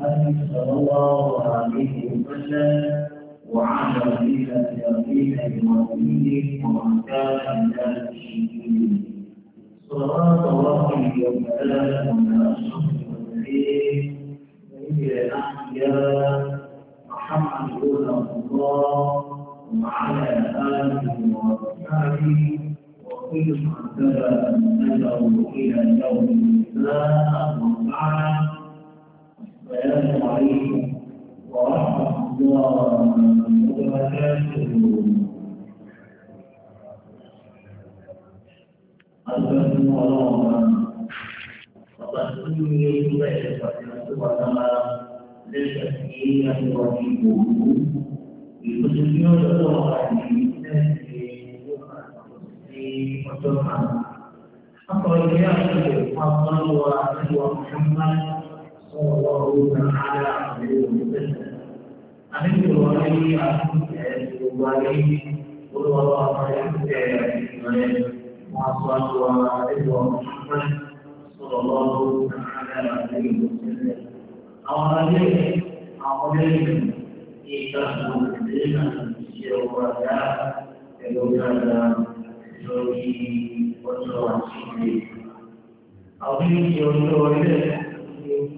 صلى الله عليه وسلم وعلى آله وصحبه ومن كان من المشركين صلوات الله وسلامه على أشرف المرسلين سيد الأنبياء محمد بن الله وعلى آله وصحبه وكل من تبع إلى يوم الإسلام وبعد السلام عليكم ورحمة الله وبركاته Assalamualaikum warahmatullahi wabarakatuh. Allah Subhanahu wa taala. Dengan kasih yang luar biasa, itu sesungguhnya Allah yang memberi kita kehidupan. Apa yang dia lakukan, Allah Subhanahu wa taala صلى الله تعالى عليه محمد صلى الله تعالى عليه وسلم أولئك الله عليه وسلم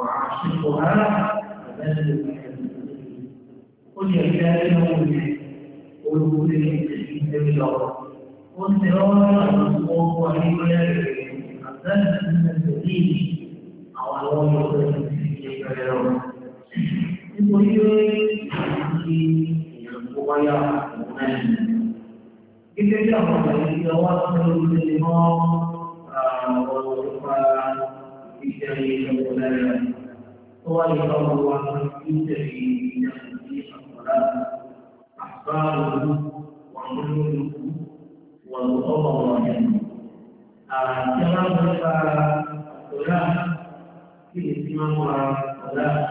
وعاشقها فذلك قل يا كائن قلوب الجحيم بالارض قل ترى الله عليم عبدالله من الذين او الله يقدر في الارض nítorí pé ìyàgbọ́ wáyà òun náà gẹ́gẹ́ bí àwọn ọ̀gá ìdílé ọwọ́ tó ń lò lórí mọ́ عليك مولاي طالب الله ينتهي الى الصلاه احباره وحلمه والقضاء منه كما ذكر الصلاه في اهتمامها الصلاه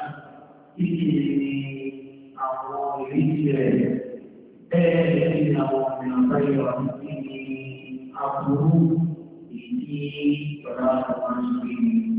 في أمور الرجال الذين هم من غير أمور في صلاة المسلمين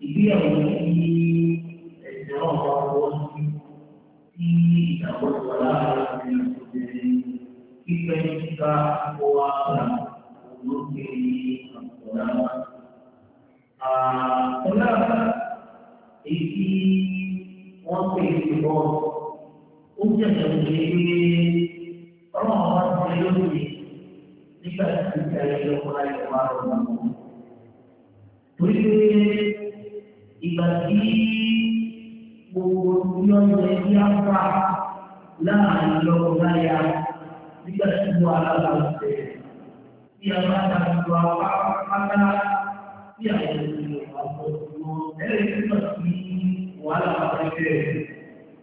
ìgbéyàwó tí ẹ̀sìn náà wà wọ́n sí tí ìdàgbàsókè láàárín àti ìṣẹ̀lẹ̀ pípẹ́ nípa ọwọ́ àgbà olóògbé àgbọ̀lá. Àkọlá èyí tí wọ́n pè é bọ́ ó jẹ́ ìṣẹ̀lẹ̀ pé ọlọ́run wá sí lónìí nígbà tí ìṣẹ̀lẹ̀ ọkọ̀ ayọ̀ wà lọ́wọ́. Torí pé ìgbà tí gbogbo yọ̀ọ̀yẹ̀ bí a fa láàrin lọ́wọ́ láyà nígbà tí mo alága ọ̀sẹ̀ bí a bá ta gbogbo apá pátá bí àwọn ènìyàn àwọn ọmọ ẹ̀rẹ́ nígbà tí wàhálà wọn fẹ́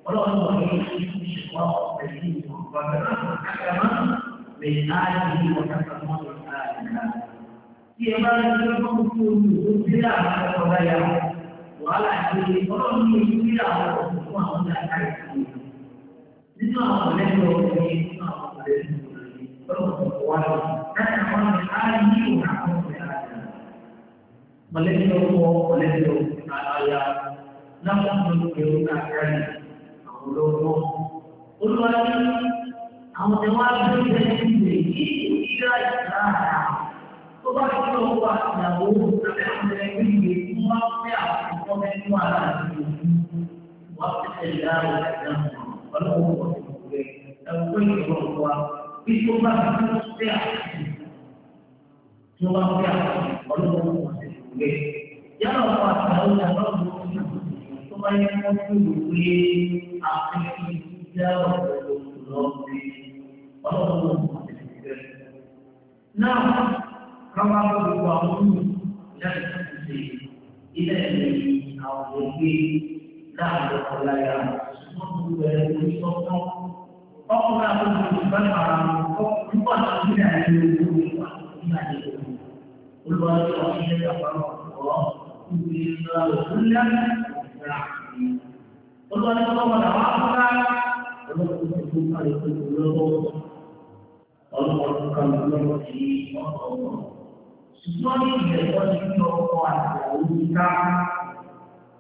ọlọ́run wà ní ìṣẹ́jú ìṣẹ̀wá ọ̀sẹ̀ yìí wọ́n bàbá náà kàkàmá lè láàyè ní ọ̀nà kàmá lọ́sàáyà. Bí ẹ bá ń gbé fún fún olùdókòwò àwọn ọ̀dọ́ wàhálà ìlú ọlọ́run ní ìṣúná àwọn ọ̀gbọ́n àwọn ọ̀gbọ́n àti àìsàn ìlú. nínú àwọn ọ̀lẹ́yìn ọ̀gbọ́n yìí nínú àwọn ọ̀lẹ́yìn ọ̀gbọ́n yìí lọ́wọ́ ti wá lọ. láti àwọn àmì á ní ìwà àwọn ọ̀lẹ́yìn ọ̀gbọ́n. ọ̀lẹ́yìn ọ̀gbọ́n àyà láwọn ọ̀gbọ́n kì í rú káàkiri àwọn lọ́wọ́. olùwárí àwọn ọ̀dẹ̀ wá gbé ilẹ̀ ìgbè yìí ìdí Nah, kalau berbuat ini, jadi seperti ini. Ini adalah àwọn òbí láàrin ọ k láyà ṣùgbọ́n b o g b ẹ̀ ló ń sọ fún ọkùnrin àwọn o l d ó k ò w ò bá ara ọkùnrin wà lórí àyè owó ìwà ní àyè owó olùwàlú ọ̀sẹ̀ ẹ̀dá pàrọ̀ ọ̀ ìwé ìlà òkúlẹ̀ ìlà olùwàlú ọ̀sẹ̀ wà fúnra olùwàlú ọ̀sẹ̀ w lọ́wọ́ ọlọ́wọ́ kan lọ́wọ́ sí ọ̀pọ̀ ṣùgbọ́n ní ì b ẹ ̀ ní ̀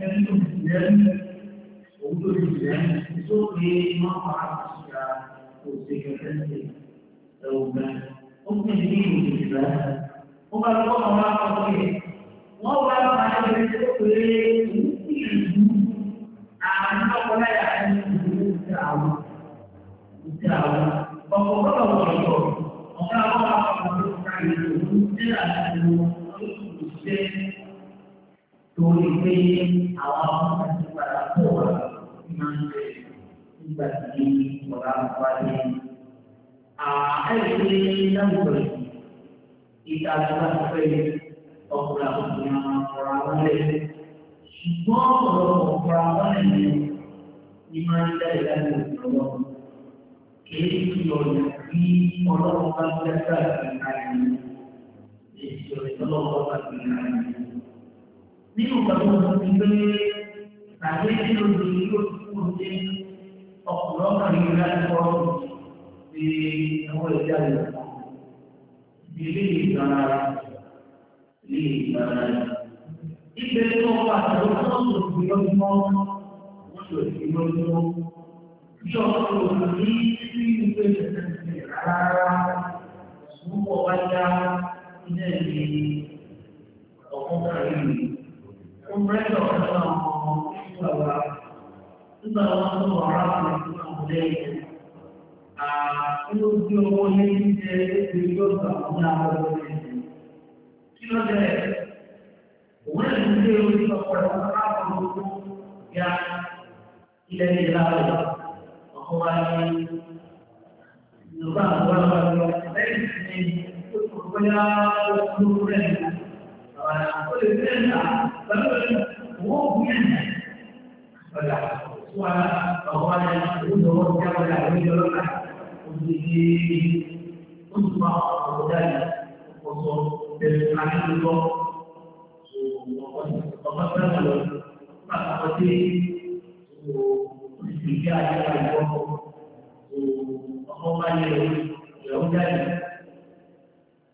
ẹni tó ti jẹ́ òun tó ti jẹ́ tó pé wọ́n pa àṣà òṣè kẹsẹ̀ ẹ̀wùgbà ó pè ní ìròyìn ìgbà ó bá lọ́wọ́ kan wá kọ́ pé wọ́n wá pa ẹni tó pé òun sì ìlú àwọn ọkọ̀lá yà á ní ìlú ìṣẹ́ àwọn ìṣẹ́ àwọn ọkọ̀ gbọ́dọ̀ wọ̀ọ̀tọ̀ ọ̀gá wọn wá pa ọ̀gá tó ká ìlú ìṣẹ́ àti ìṣẹ́ torí pé awam kepada orang iman kita di orang lain. Akhir ini dan beri kita juga beri orangnya orang lain. Semua orang orang lain iman kita dengan Kesiannya di orang orang besar kita ini, kesiannya orang orang kita ini. Si utama mungkin saya belum dilihat mungkin oknum kalangan korup di negara ini. Jadi mana ni mana? Ibu bapa terutama untuk ibu bapa, untuk ibu bapa, jauh lebih penting daripada semua orang yang ini. Ya, ilahi ilahi, wa huwa ni, nubah, wa huwa ni, wa huwa ni, wa huwa ni, wa huwa ni,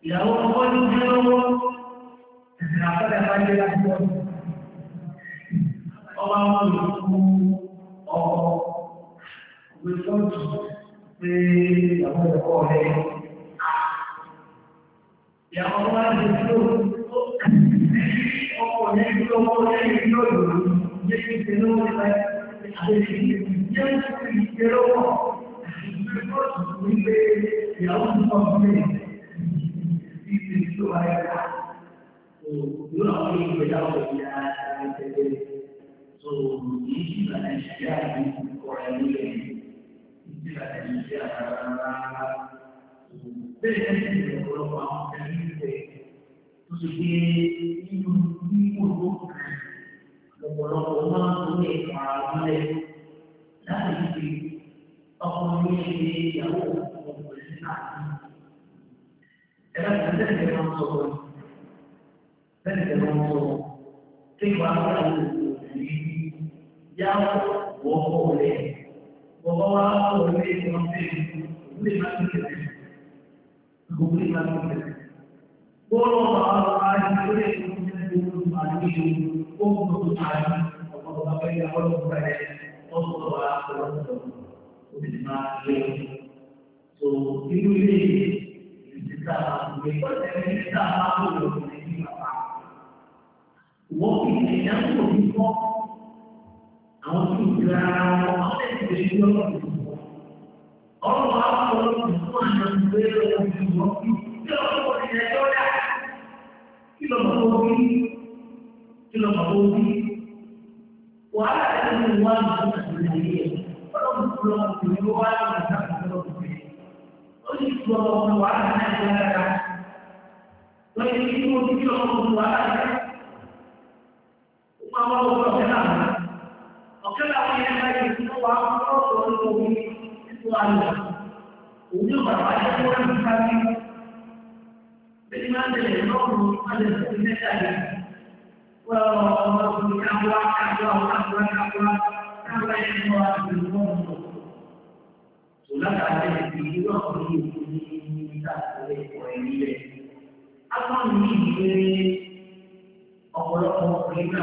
ìyàwó ọkọ ní bí lọ́wọ́ Ìsìnàfẹ́lẹ̀ máa jẹ́ láti wọ́n. Ọba wọn lò fún ọkọ̀ rìsọ́ọ̀tù pé ìyàwó ọkọ̀ rẹ̀. Ìyàwó wá lè lò ọkọ̀ rẹ̀ ní ọmọ rẹ̀ ní ọ̀dọ̀ yẹ́ kí ṣe ló wọ́n rẹ̀ àti ìyẹ́ kí ṣe lọ́wọ́. Rìsọ́ọ̀tù wípé ìyàwó ń sọ fún mi. Ìṣèjọba ẹ̀ka. So you not only without the data So these are the sharing for a living. These are the sharing. Then the world of the music. So today, even people look the world of one to make our life. That is the opportunity of the world. Era grande a nossa bẹ́ẹ̀ tẹ̀lé wọn sọ tí wàá wà ní òní yá wọ́ kọ́ rẹ̀ bọ́bá wá wọ́n lé wọn sí ìlú lè má tún tẹ̀lé gbogbo lè má tún tẹ̀lé. Bọ́ọ̀lù ọ̀pá àwọn àti ìlú lè tún tẹ̀lé gbogbo àti ìlú ó ń gbogbo àti ọ̀pọ̀ ọ̀pá bẹ́ẹ̀ yà wọ́n lọ́wọ́ rẹ̀ ọ̀pọ̀ ọ̀pá àwọn ọ̀pọ̀ ó sì máa lé wọn. So inú ilé ìdíjà àwọn ìgbésẹ̀ ìdíjà àwọn olùkọ́ wọ́n fi ìdáhùn òní kọ́ àwọn tí ó gbà wọn ọ̀rẹ́ ti lè fi ọ̀rọ̀ tó wọ́. ọ̀rọ̀ wa kọ́ ọ̀rọ̀ tó àná ìwé ọ̀rọ̀ tó wọ́ kí kí ọ̀rọ̀ kò ní ẹjọ́ dà kí lọ́mọ tó wí kí lọ́mọ tó wí. wàhálà ẹ̀ ló ń wá lọ́wọ́ àti ìlàyé ẹ̀ ọlọ́run tó lọ́wọ́ tó ní wá lọ́wọ́ àti àkọ́kọ́ tó fi. ó sì tu ọmọ wàhálà náà আমার উপর জানা অকল আপনি এমআই কিছু আপনার তোর তুমি কিছু আনলা উনি বাবা করে বিচারি বেদিমান দিলে নকল আদে তুমি চাই ওরা আমার তুমি কাবলা কাবলা আমার কাবলা কাবলা কাবলা এর মোয়া তুমি বলছো সোনা কাছে বিজয় করি তুমি নিমিতা করে করে নিলে আপনি নিজে অপরাধ করে না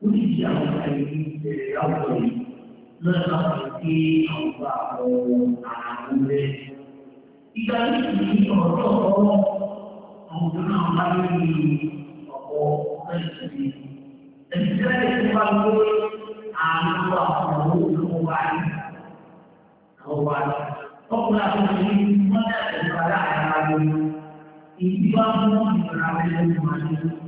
不计较在于这条路里，乐上一滴头发都难的。一旦你自己有做好，总是让他们好珍惜。现在的地方多，他们都要投入投怀，投怀，投不了东西，我再投怀大家来。你地方多，你们那边就多。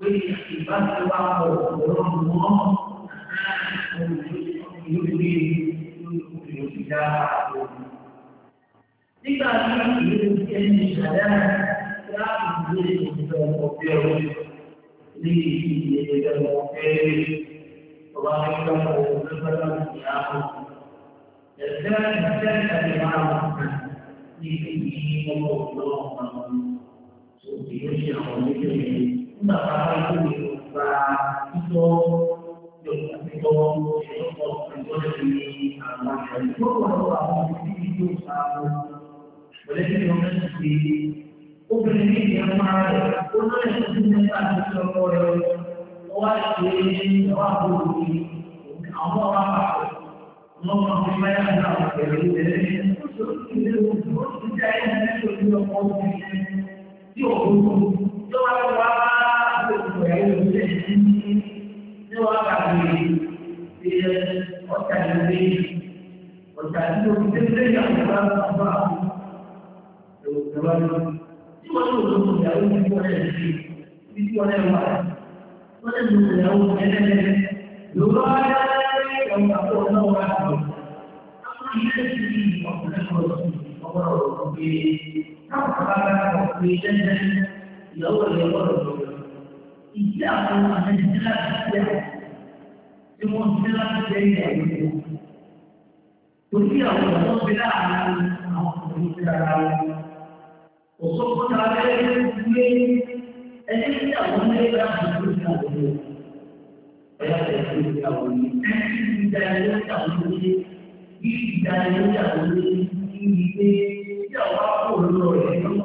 بالاحتفاظ بعض قرون الله Nígbà tí ìlú ẹni ṣàdá láàrín ilé ìjọba ọ̀pẹ́ ọ̀rọ̀ ní ìdíje ìjọba ọ̀pẹ́ ọba ìjọba ọ̀pẹ́ láti ààbò. Ẹ̀sẹ̀ ìṣẹ́ ìṣẹ̀lẹ̀ márùn-ún kan ní ìdíje ọmọ ọ̀pẹ́ ọ̀pẹ́ ọ̀pẹ́ tó ti ń ṣe àwọn ilé ìjọba. nígbà tá a bá ń gbé ìgbà títọ́ yọ̀ọ̀tà títọ́ ìtọ́kọ̀ ìtọ́jú ní àwọn àṣàyè tó wà lọ́wọ́ àwọn ìdí tí yóò sá lọ. Pẹ̀lẹ́ tí wọ́n fẹ́ ti ṣe obìnrin ní ìyá máa rẹ̀ ó lọ́lẹ̀ tó ti mẹ́ta àti ọkọ ọjà yóò ṣe ní níwọ̀n àgbàgbé ṣe ọjà yóò ṣe ọjà yóò ṣe ṣe ìyàwó bá ń bá a lò lọ́wọ́ lọ. Tí wọ́n yóò lọ́wọ́ ìyá ó ti wọlé ẹ̀ sí ibi tí wọ́n lẹ́ wà. Wọ́n lè lò ìyá ó ti ẹlẹ́lẹ́. Lọ́wọ́ ayé ọ̀gá tó ọ̀nà wà lọ. Àwọn ilé ti di ọ̀pọ̀lọpọ̀ ọ̀pọ̀lọpọ̀ ọ̀pọ̀lọpọ̀ pé káwọn bá bá ọ̀pọ̀ ìyàwó rẹ̀ wọ́n lọ́wọ́ إجابة عن الثلاث يكون ثلاث جيدة تركيا وصول بلا عن وصول تعالى المسلمين الذين هم لا يدخلون في ولا يدخلون في أولين أنت بداية أولين بداية أولين بداية أولين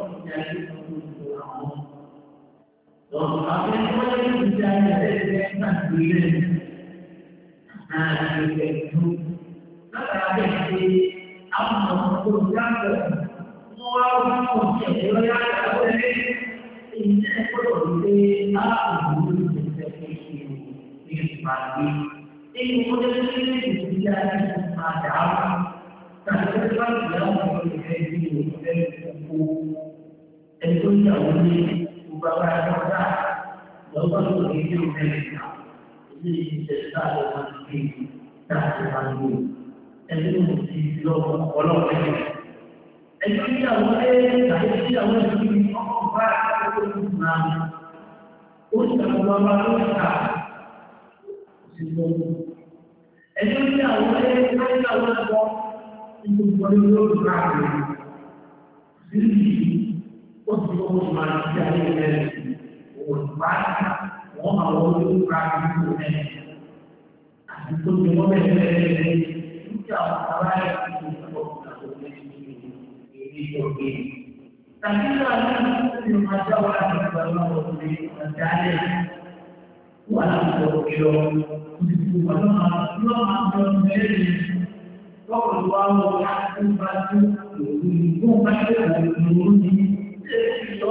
我看到你回家，那是最幸福啊，你记住，那家里阿婆，老人家，我老公也回来了。现在回到家，我们全家人都开心。你看，你，你看，你，你看，你，你看，你，你看，你，你看，你，你看，你，你看，你，你看，你，你看，你，你看，你，你看，bàbá àgbàdá lọ́wọ́ ló ní kí o bẹ̀rẹ̀ ká ní ìṣẹ̀dá lọ́wọ́ ti fi dáàbò máa ń ẹni tó ti lọ́wọ́ ọlọ́ọ̀rẹ́ rẹ̀. ẹni tí àwọn ẹ̀ tàbí tí àwọn ẹ̀ fi ọkọ̀ bá àkókò tó máa ń ó ti àwọn ọmọ bá ló sí lọ́wọ́. ẹni tí àwọn ẹ̀ tàbí àwọn ẹ̀ bọ́ ní gbogbo ọdún ló ń bá àkókò sí ìlú outro jogo de ou aí, né? O pai, o homem, a prato, o né? Assim, tudo que eu vou Então, agora a gente pouco da ele porque Tapi kalau kita baca o berlalu di negara, walau Tokyo, a malah belum ada negara. Kau lalu aku bantu, aku bantu,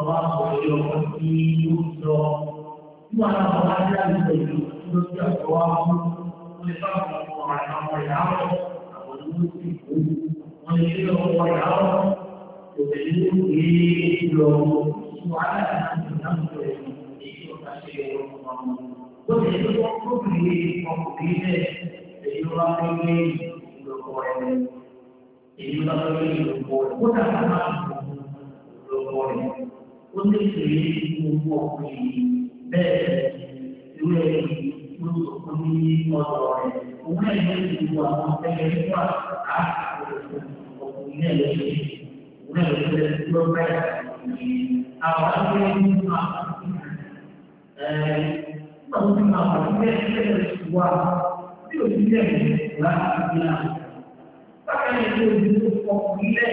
sọ wá sọ tí ó sọ nígbà náà wọn bá dé àlùfẹ́ ìlú ló ti ọ̀sọ̀ wá fún wọn lè fáwọn ọmọ àwọn ọmọ ìyàwó àwọn ọmọ sì kú wọn lè ṣe ọmọ ìyàwó òṣèlú yìí lọ sọ aláìsàn náà sọ èyí èyí ọ̀tá ṣe ọmọ ọmọ ó lè ṣe wọn tó kìí ọkùnrin bẹ́ẹ̀ èyí wọn bá gbé ìlọkọ ẹni èyí wọn bá gbé ìlọkọ ẹni kódà wọn máa ń lọkọ ó ní ìṣèlú gbogbo ọkùnrin bẹ́ẹ̀ ìwé ìlú tó ní ọ̀dọ̀ rẹ̀ òun náà yóò ti àwọn ẹgbẹ́ nípa àkókò ọkùnrin náà lọ́sẹ̀ òun náà lọ́sẹ̀ lọ́ bẹ́ẹ̀ àwọn akẹ́kọ̀ọ́ ní máa nígbà tó ti máa wọ́n ní ẹgbẹ́ wa bí o ti lẹ̀ láti fi ní ojú ọkùnrin lẹ̀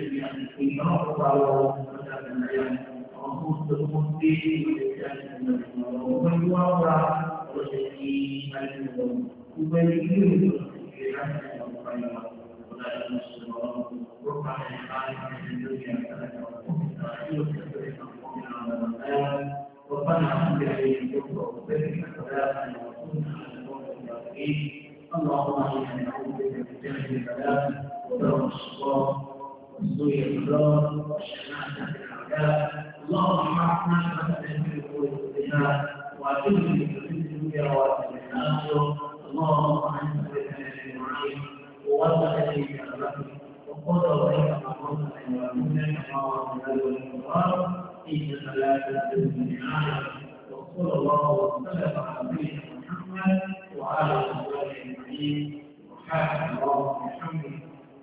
Allahumma inna nas'aluka bi jami'i al-ahwal wa al-aqdar wa al-aqdar سوء الإخلاص والشماتة في الأعداء اللهم اعطنا شماتة في قلوبنا وأجلنا بحزنك يا واسع الناس اللهم أنت بكنا أجمعين ووفق إليك الرحم وقل إليك مرضنا وأمنا كما وصلنا للقرآن إنك لا تزال من عالم وصلى الله وسلم على نبينا محمد وعلى آله وصحبه أجمعين وحاشا الله بحمده